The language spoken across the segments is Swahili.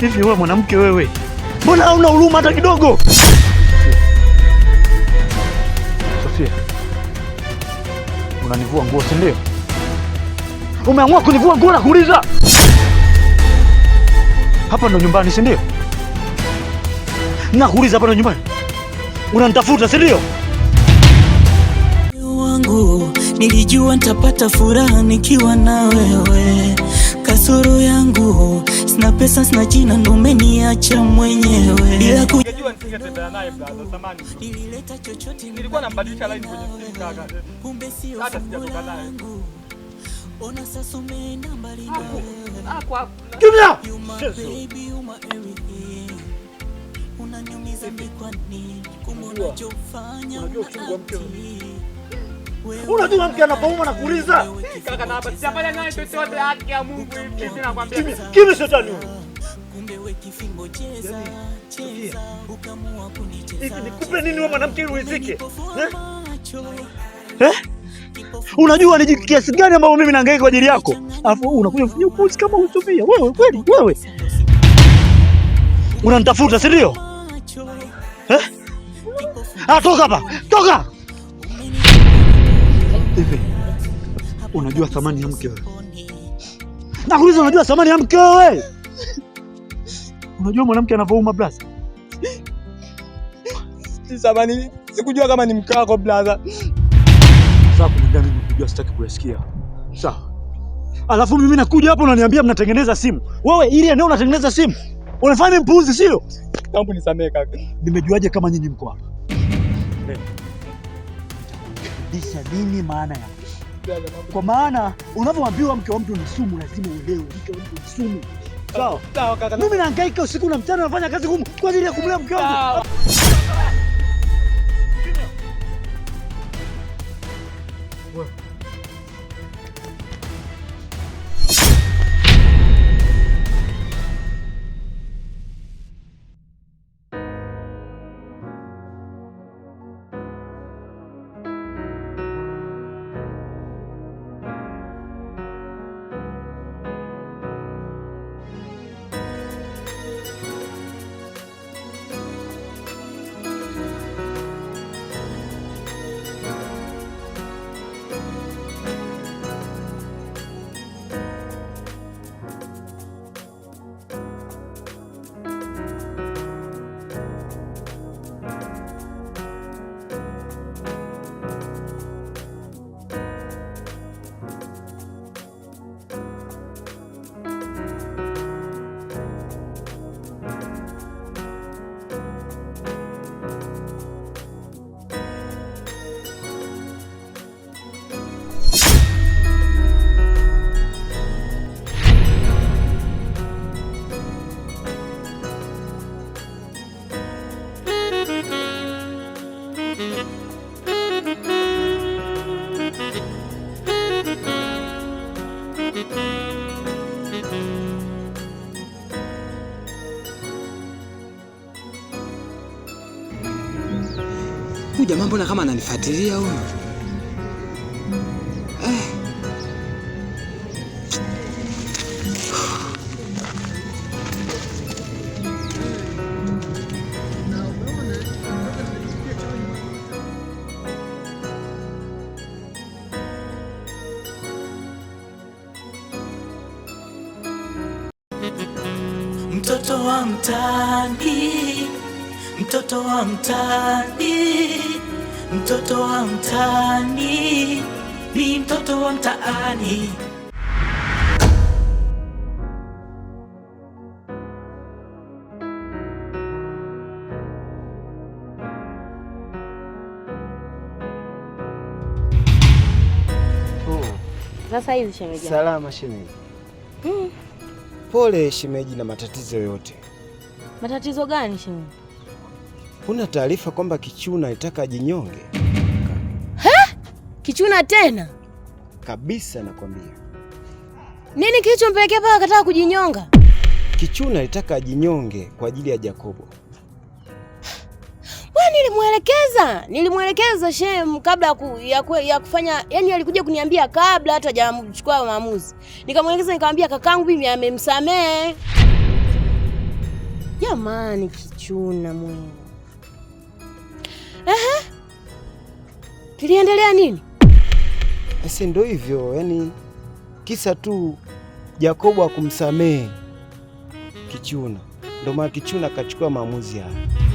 Hivi wewe mwanamke wewe, mbona hauna huruma hata kidogo? Sofia, unanivua nguo si ndio? Umeamua kunivua nguo na kuuliza hapa ndo nyumbani si ndio? Nakuuliza hapa ndo nyumbani, unanitafuta si ndio? Wangu nilijua nitapata furaha nikiwa na wewe kasoro yangu, sina pesa, sina jina, ndo umeniacha mwenyewe bila nilileta chochote, nilikuwa nambadilisha line kwenye simu kaka, kumbe sio hata sijatoka naye. Ona sasa umenambari na wewe Kimya, baby you my everything, unaniumiza mimi kwa nini? Kumbe unachofanya unajua Unajua mke anapouma na kuuliza kimi shetani yaani, nikupe nini wewe mwanamke ili uizike? Eh? Eh? Unajua ni kiasi gani ambayo mimi nahangaika kwa ajili yako, alafu unakuja kufanya upuzi kama usofia wewe. Kweli wewe unanitafuta, si ndio? Eh? Ah, toka hapa, toka Hivi unajua thamani ya mke wewe? Nakuuliza, unajua thamani ya mke wewe? Unajua mwanamke anavyouma blaza? Samani, sikujua kama ni mke wako blaza. Sasa kuna gani nikujua, sitaki kuyasikia. Sawa. Alafu mimi nakuja hapo unaniambia mnatengeneza simu. Wewe ili eneo unatengeneza simu. Unafanya mpuzi sio? Nisamehe kaka. Nimejuaje kama nyinyi mko hapa? Hey inamaanisha nini, maana ya kwa maana unavyoambiwa mke wa mtu ni sumu, lazima uelewe mke wa mtu ni sumu. Sawa, mimi naangaika usiku na mchana, nafanya kazi ngumu kwa ajili ya kumlea mke wangu. huyu jamaa mbona kama ananifuatilia huyu? mtoto wa mtaani, mtoto wa mtaani ni mtoto wa mtaani. Sasa hizi shemeji. Salama shemeji. Mm. Pole shemeji na matatizo yote. Matatizo gani shemeji? Huna taarifa kwamba Kichuna alitaka ajinyonge? He? Kichuna tena kabisa, nakwambia. Nini kilichompelekea mpaka akataka kujinyonga? Kichuna alitaka ajinyonge kwa ajili ya Jakobo. Wewe nilimwelekeza, nilimwelekeza shem kabla ku, ya, ku, ya kufanya, yani alikuja kuniambia kabla hata hajamchukua maamuzi. Nikamwelekeza nikamwambia kakangu mimi amemsamehe. Jamani Kichuna mwe. Ehe, uh-huh. kiliendelea nini? Asi ndo hivyo, yani kisa tu Yakobo akumsamehe Kichuna, ndio maana Kichuna akachukua maamuzi haya.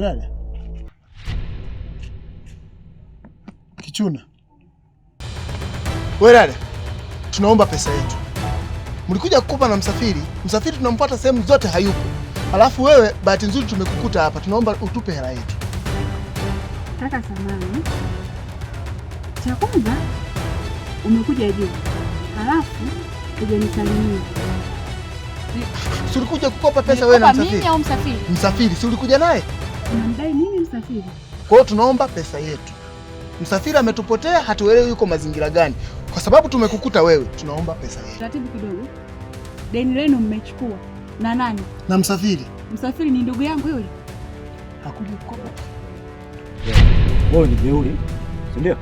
Dada Kichuna, we dada, tunaomba pesa yetu. Mlikuja kukopa na msafiri, msafiri tunampata sehemu zote hayupo, alafu wewe bahati nzuri tumekukuta hapa, tunaomba utupe hela yetu. Kaka samani, cha kwanza umekuja juu, halafu hujanisalimia. Si ulikuja kukopa pesa wewe na msafiri? Msafiri si ulikuja naye? Unamdai nini Msafiri? Kwa hiyo tunaomba pesa yetu. Msafiri ametupotea, hatuelewi yuko mazingira gani. Kwa sababu tumekukuta wewe, tunaomba pesa yetu. Taratibu kidogo. Deni lenu mmechukua na nani? Na Msafiri. Msafiri ni ndugu yangu yule. Hakuja kukopa. Wewe ni jeuri, si ndio?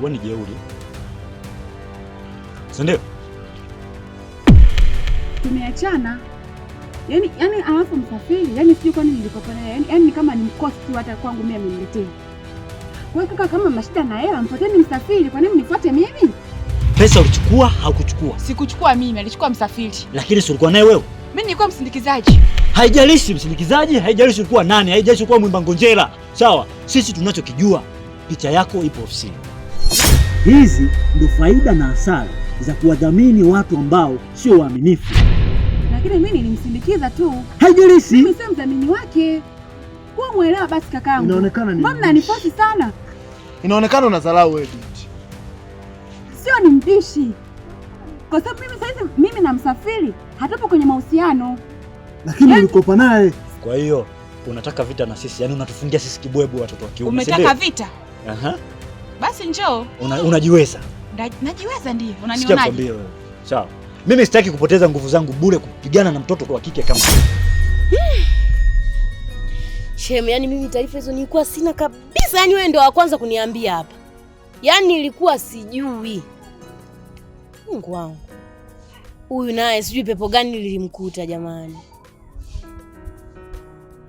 wewe ni jeuri, si ndio? tumeachana yani, yani alafu msafiri yani sijui kwani nilikopana yani, yani kama ni mkosi tu hata kwangu mimi amenitetea. Kwa hiyo kaka, kama mashida na hela mfuateni msafiri, kwa nini mnifuate mimi? Pesa ulichukua haukuchukua? Sikuchukua mimi, alichukua msafiri. Lakini si ulikuwa naye wewe? Mimi nilikuwa msindikizaji. Haijalishi msindikizaji, haijalishi ulikuwa nani, haijalishi ulikuwa mwimba ngonjera. Sawa, sisi tunachokijua picha yako ipo ofisini. Hizi ndio faida na hasara za kuwadhamini watu ambao sio waaminifu. Lakini mimi nilimsindikiza tu, haijalishi mimi sio mdhamini wake. Kuwa mwelewa basi kakaangu. Inaonekana ni mbona niposi sana, inaonekana unadharau wewe binti. Sio ni mdishi, kwa sababu mimi saizi mimi na Msafiri hatupo kwenye mahusiano, lakini yaani- ulikopa naye. Kwa hiyo unataka vita na sisi? Yaani unatufungia sisi kibwebu watoto wa kiume. Umetaka vita? Aha. Basi njoo. Unajiweza. Najiweza ndio. Unanionaje? Sawa. Mimi sitaki kupoteza nguvu zangu bure kupigana na mtoto wa kike kama Shem, yani mimi taarifa hizo nilikuwa sina kabisa. Yani wewe ndio wa kwanza kuniambia hapa. Yani nilikuwa sijui. Mungu wangu. Huyu naye sijui pepo gani lilimkuta jamani.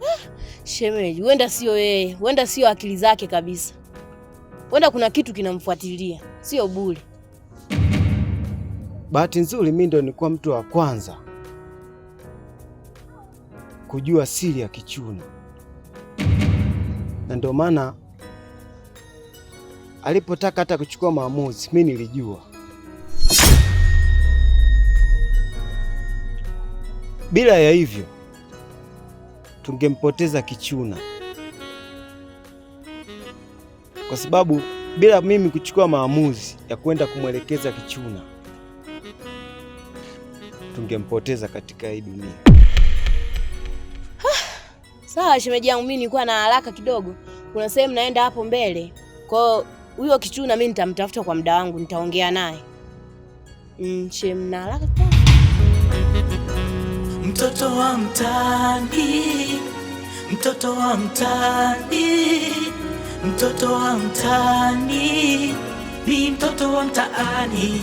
Shemeji, huenda sio yeye, huenda sio akili zake kabisa. Wenda kuna kitu kinamfuatilia, sio bure. Bahati nzuri mimi ndo nilikuwa mtu wa kwanza kujua siri ya Kichuna, na ndio maana alipotaka hata kuchukua maamuzi mimi nilijua. Bila ya hivyo tungempoteza Kichuna kwa sababu bila mimi kuchukua maamuzi ya kwenda kumwelekeza Kichuna tungempoteza katika hii dunia. Sawa shemeji yangu, mimi nilikuwa na haraka kidogo, kuna sehemu naenda hapo mbele. Kwa huyo Kichuna mimi nitamtafuta kwa muda wangu, nitaongea naye mm, shem na haraka mtoto wa mtaani, mtoto wa mtaani Mtoto wa mtaani ni mtoto wa mtaani.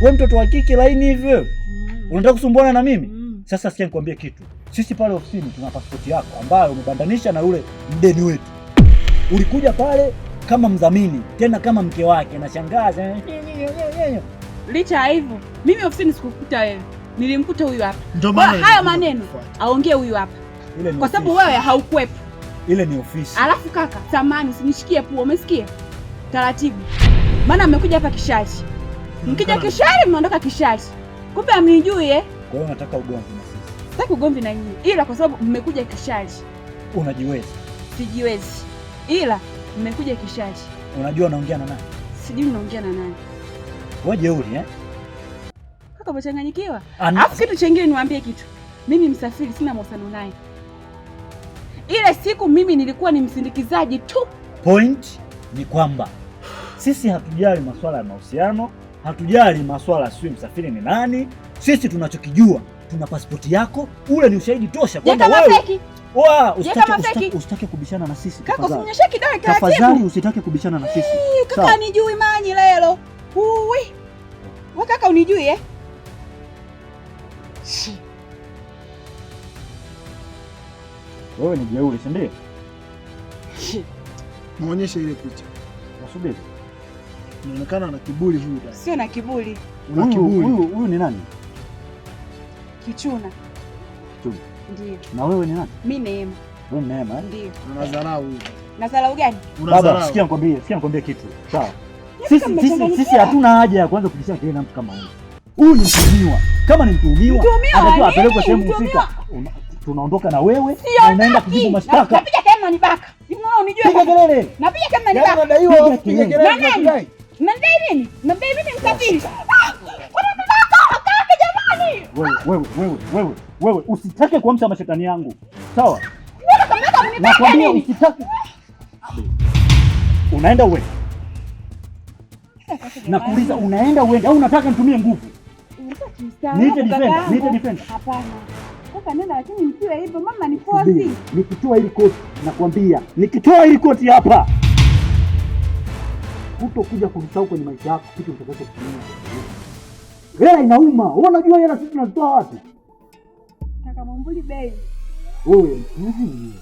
we mtoto wa kike laini hivyo wewe, mm. unataka kusumbuana na mimi mm. Sasa sikia nikwambie kitu, sisi pale ofisini tuna pasipoti yako ambayo umebandanisha na yule mdeni wetu. Ulikuja pale kama mdhamini, tena kama mke wake na Licha ya hivyo, mimi ofisini sikukuta wewe, nilimkuta huyu hapa. Ndio maana haya maneno aongee huyu hapa, kwa sababu wewe haukuwepo. Ile ni ofisi. Alafu kaka, samani usinishikie pua, umesikia? Taratibu. Maana mmekuja hapa kishati. Mkija kishari mnaondoka kishati. Kumbe amnijui eh? Kwa hiyo nataka ugomvi na sisi. Sitaki ugomvi na nyinyi. Ila kwa sababu mmekuja kishati. Unajiwezi? Sijiwezi. Ila mmekuja kishati. Unajua unaongea na nani? Sijui unaongea na nani. Wewe jeuri eh? Kaka umechanganyikiwa? Alafu kitu chengine niwaambie kitu. Mimi msafiri sina mahusiano naye. Ile siku mimi nilikuwa ni msindikizaji tu. Point ni kwamba sisi hatujali masuala ya mahusiano, hatujali masuala sijui msafiri ni nani. Sisi tunachokijua tuna pasipoti yako, ule ni ushahidi tosha kwamba wewe wa usitake, usitake, usitake kubishana na sisi tafadhali, usitake kubishana na sisi kaka. Nijui manyi lelo uwi we kaka, unijui eh? Wewe ni jeuri, si ndio? Muonyeshe ile picha. Nasubiri. Inaonekana ana kiburi huyu dada. Sio na kiburi. Una kiburi. Huyu huyu ni nani? Kichuna. Kichuna. Ndio. Na wewe ni nani? Mimi Neema. Wewe ni Neema? Eh? Ndio. Una dharau huyu. Na dharau gani? Una dharau. Baba, sikia nikwambie, sikia nikwambie kitu. Sawa. Yaani sisi sisi sisi hatuna haja ya kuanza kujisha kelele na mtu kama huyu. Huyu ni mtuhumiwa. Kama ni mtuhumiwa, anatoa apelekwe sehemu husika tunaondoka na wewe na unaenda kujibu mashtaka. Napiga kelele na nibaka. Unaona unijue. Piga kelele. Napiga kelele na yaani nibaka. Unadaiwa piga kelele ah! na nibaka. Mnadai nini? Mnadai mimi mkatili. Wewe wewe wewe wewe wewe usitake kuamsha mashetani yangu. Sawa? Wewe kama Nakwambia usitake. Unaenda uende. Nakuuliza unaenda uende au unataka nitumie nguvu? Nita defend, nita defend. Hapana nataka nenda, lakini msiwe hivyo mama, ni fosi. Nikitoa hili koti nakwambia, nikitoa hili koti hapa kutokuja kunisahau kwenye maisha yako, kitu utakachokitumia. Hela inauma, wewe unajua hela sisi tunazitoa wapi? Kaka Mwambuli bei wewe, mtuzi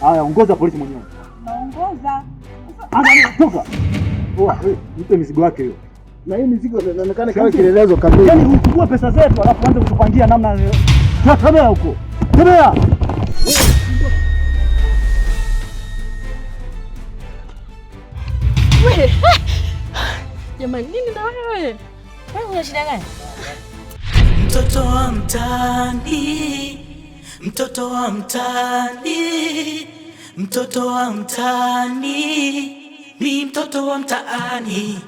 haya, ongoza polisi mwenyewe, naongoza toka. Mpe mizigo yake hiyo, na hii mizigo inaonekana kama kielelezo kamili, yaani uchukue pesa zetu alafu anze kutupangia namna leo. Tembea huko, tembea. Jamani, nini na wewe? Una shida gani? Mtoto wa mtaani, mtoto wa mtaani, mtoto wa mtaani, ni mtoto wa mtaani,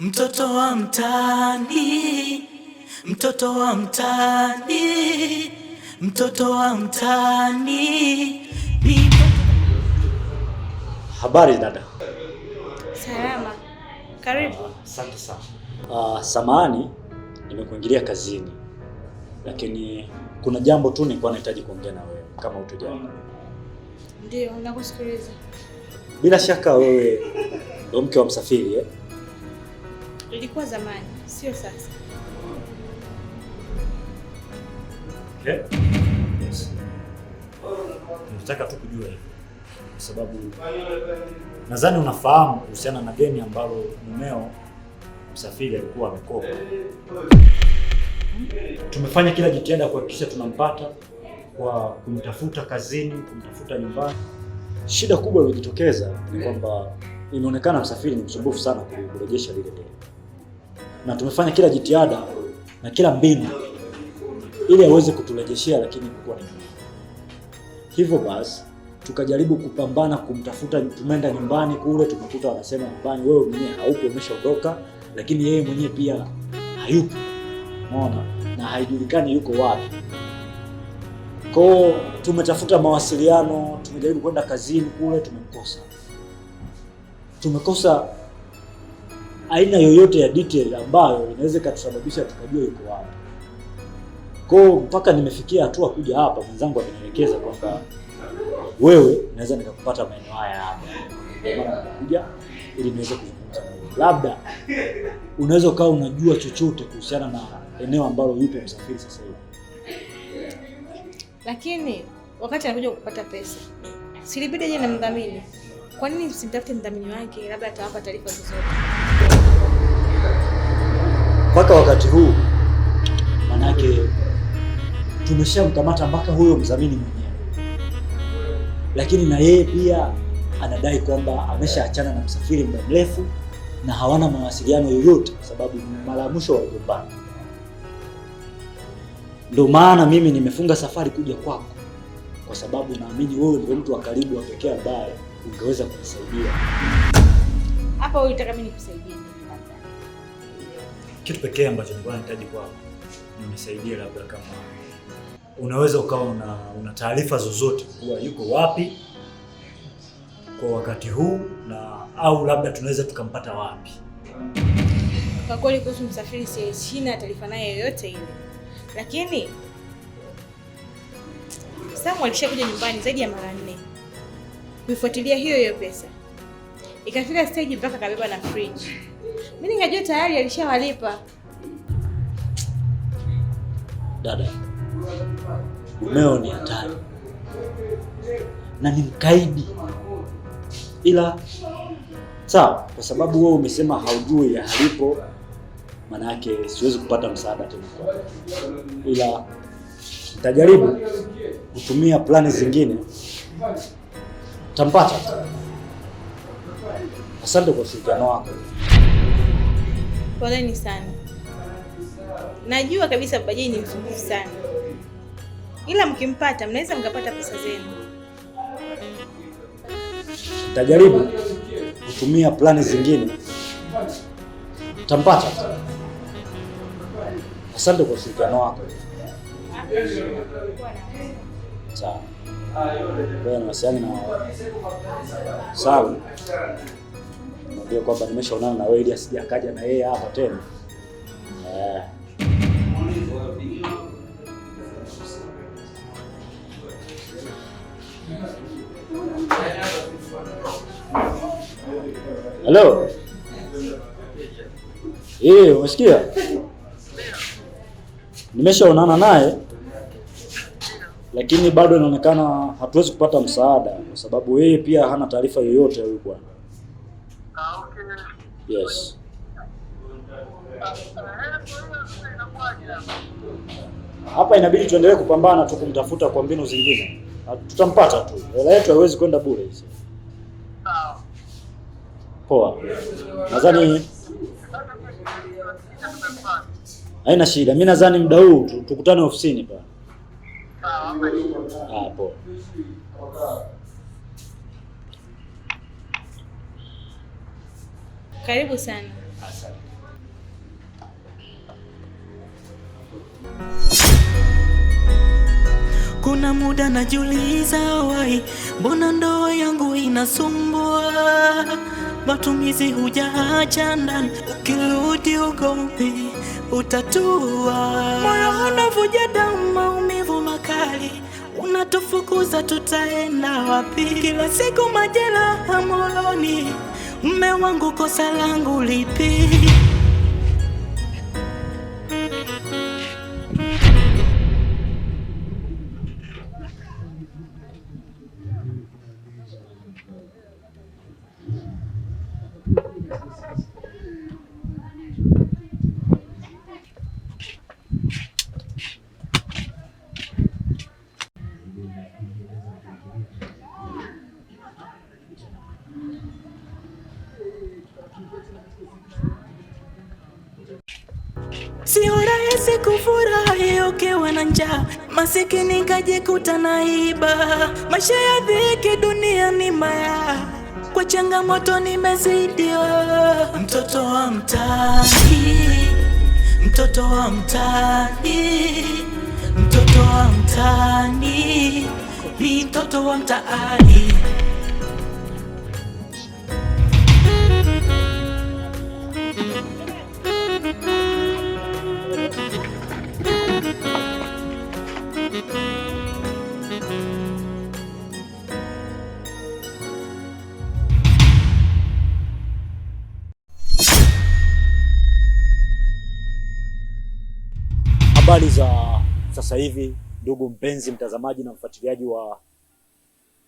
mtoto wa mtaani mtoto wa mtani, mtoto wa mtani. Habari dada. Salama. Karibu. Asante sana. Uh, samahani nimekuingilia kazini, lakini kuna jambo tu nilikuwa nahitaji kuongea na wewe kama utojana. Ndio, nakusikiliza. Bila shaka wewe ndio mke wa Msafiri eh? Ilikuwa zamani, sio sasa. Eh? Yes. Nataka tu kujua hivyo kwa sababu nadhani unafahamu kuhusiana na deni ambalo mumeo Msafiri alikuwa amekopa. Tumefanya kila jitihada kuhakikisha tunampata kwa kumtafuta kazini, kumtafuta nyumbani. Shida kubwa iliyojitokeza ni kwamba imeonekana Msafiri ni msumbufu sana kurejesha lile deni, na tumefanya kila jitihada na kila mbinu ili aweze kuturejeshea, lakini kulikuwa ni hivyo. Basi tukajaribu kupambana kumtafuta, tumeenda nyumbani kule, tumekuta wanasema nyumbani wewe mwenyewe haupo, umeshaondoka, lakini yeye mwenyewe pia hayupo, unaona, na haijulikani yuko wapi. Kwao tumetafuta mawasiliano, tumejaribu kwenda kazini kule, tumemkosa, tumekosa aina yoyote ya detail ambayo inaweza ikatusababisha tukajua yuko wapi. Kwa hiyo mpaka nimefikia hatua kuja hapa, mwenzangu amenielekeza kwamba wewe naweza nikakupata maeneo haya hapa kuja ili niweze kuzungumza na wewe, labda unaweza ukawa unajua chochote kuhusiana na eneo ambalo yupo msafiri sasa hivi. Lakini wakati anakuja kupata pesa, silibidi yeye na mdhamini. Kwa nini simtafute mdhamini wake? Labda atawapa taarifa zote mpaka wakati huu tumeshamkamata mpaka huyo mdhamini mwenyewe, lakini na yeye pia anadai kwamba ameshaachana na msafiri muda mrefu na hawana mawasiliano yoyote, kwa sababu mara ya mwisho waligombana. Ndio maana mimi nimefunga safari kuja kwako, kwa sababu naamini wewe ndio mtu wa karibu wa pekee ambaye ungeweza kunisaidia hapa. Wewe unataka mimi nikusaidie? Kitu pekee ambacho nilikuwa nahitaji kwako, nimesaidia labda kama unaweza ukawa una, una taarifa zozote kuwa yuko wapi kwa wakati huu na au labda tunaweza tukampata wapi? Kwa kweli kuhusu msafiri sina taarifa naye yoyote ile, lakini Samu alishakuja nyumbani zaidi ya mara nne kuifuatilia hiyo hiyo pesa, ikafika stage mpaka kabeba na fridge. Mimi ningejua tayari alishawalipa dada mumeo ni hatari na ni mkaidi, ila sawa, kwa sababu wewe umesema haujui halipo, maana yake siwezi kupata msaada tena, ila nitajaribu kutumia plani zingine, tampata Asante kwa ushirikiano wako. Poleni sana, najua kabisa babaji ni mzungu sana ila mkimpata mnaweza mkapata pesa zenu. Tajaribu kutumia plani zingine, utampata. Asante kwa ushirikiano wako. Sawa. Sawa. Naambia kwamba nimeshaonana na wewe ili asije akaja na yeye hapa tena. Eh. Halo. Eh, umesikia? Nimeshaonana naye lakini bado inaonekana hatuwezi kupata msaada kwa sababu yeye pia hana taarifa yoyote huyu bwana. Yes. Hapa inabidi tuendelee kupambana tu kumtafuta kwa mbinu zingine tutampata tu, hela yetu haiwezi kwenda bure hizo. Poa, nadhani haina shida. Mi nadhani muda huu tukutane ofisini pa. Ah, poa. Karibu sana. Kuna muda najiuliza, wai, mbona ndoa yangu inasumbua? Matumizi hujaacha ndani, ukirudi ugomvi utatua. Moyo unavuja damu, maumivu makali, unatufukuza tutaenda wapi? Kila siku majeraha moyoni, mme wangu, kosa langu lipi? masikini kajikuta na iba, maisha ya dhiki dunia ni maya, kwa changamoto nimezidiwa. Mtoto wa mtaani, mtoto wa mtaani, mtoto wa mtaani ni mtoto wa mtaani. Sasa hivi, ndugu mpenzi mtazamaji na mfuatiliaji wa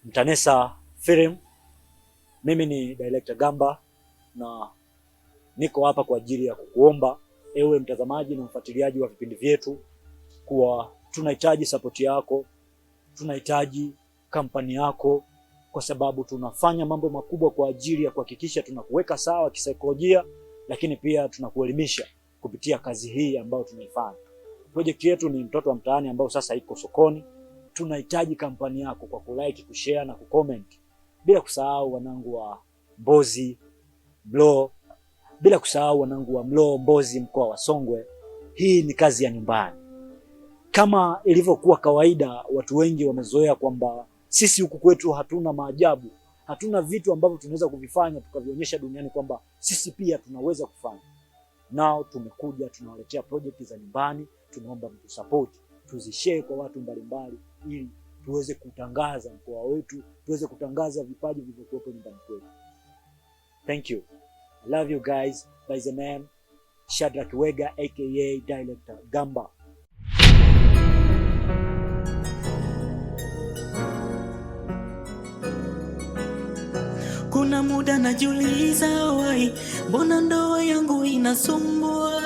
Mtanesa Film, mimi ni Director Gamba na niko hapa kwa ajili ya kukuomba ewe mtazamaji na mfuatiliaji wa vipindi vyetu kuwa tunahitaji sapoti yako, tunahitaji kampani yako, kwa sababu tunafanya mambo makubwa kwa ajili ya kuhakikisha tunakuweka sawa kisaikolojia, lakini pia tunakuelimisha kupitia kazi hii ambayo tunaifanya. Project yetu ni mtoto wa mtaani ambao sasa iko sokoni. Tunahitaji kampani yako kwa kulike, kushare na kucomment, bila kusahau wanangu wa Mbozi mlo bila kusahau wanangu wa Mloo, Mbozi, mkoa wa Songwe. Hii ni kazi ya nyumbani. Kama ilivyokuwa kawaida, watu wengi wamezoea kwamba sisi huku kwetu hatuna maajabu, hatuna vitu ambavyo tunaweza kuvifanya tukavionyesha duniani kwamba sisi pia tunaweza kufanya nao tumekuja tunawaletea project za nyumbani, tunaomba mtusapoti, tuzishare kwa watu mbalimbali, ili tuweze kutangaza mkoa wetu, tuweze kutangaza vipaji vilivyokuwepo nyumbani kwetu. Thank you. I love you guys by the name Shadrack Wega aka Director Gamba. kuna muda najiuliza, wai, mbona ndoa yangu inasumbua?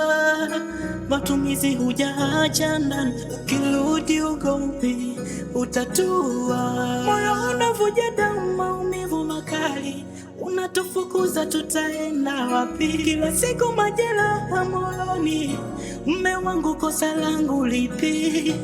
Matumizi hujaacha ndani, ukirudi ugomvi utatua. Moyo unavuja damu, maumivu makali, unatufukuza tutaenda wapi? Kila siku majeraha moyoni, mme wangu, kosa langu lipi?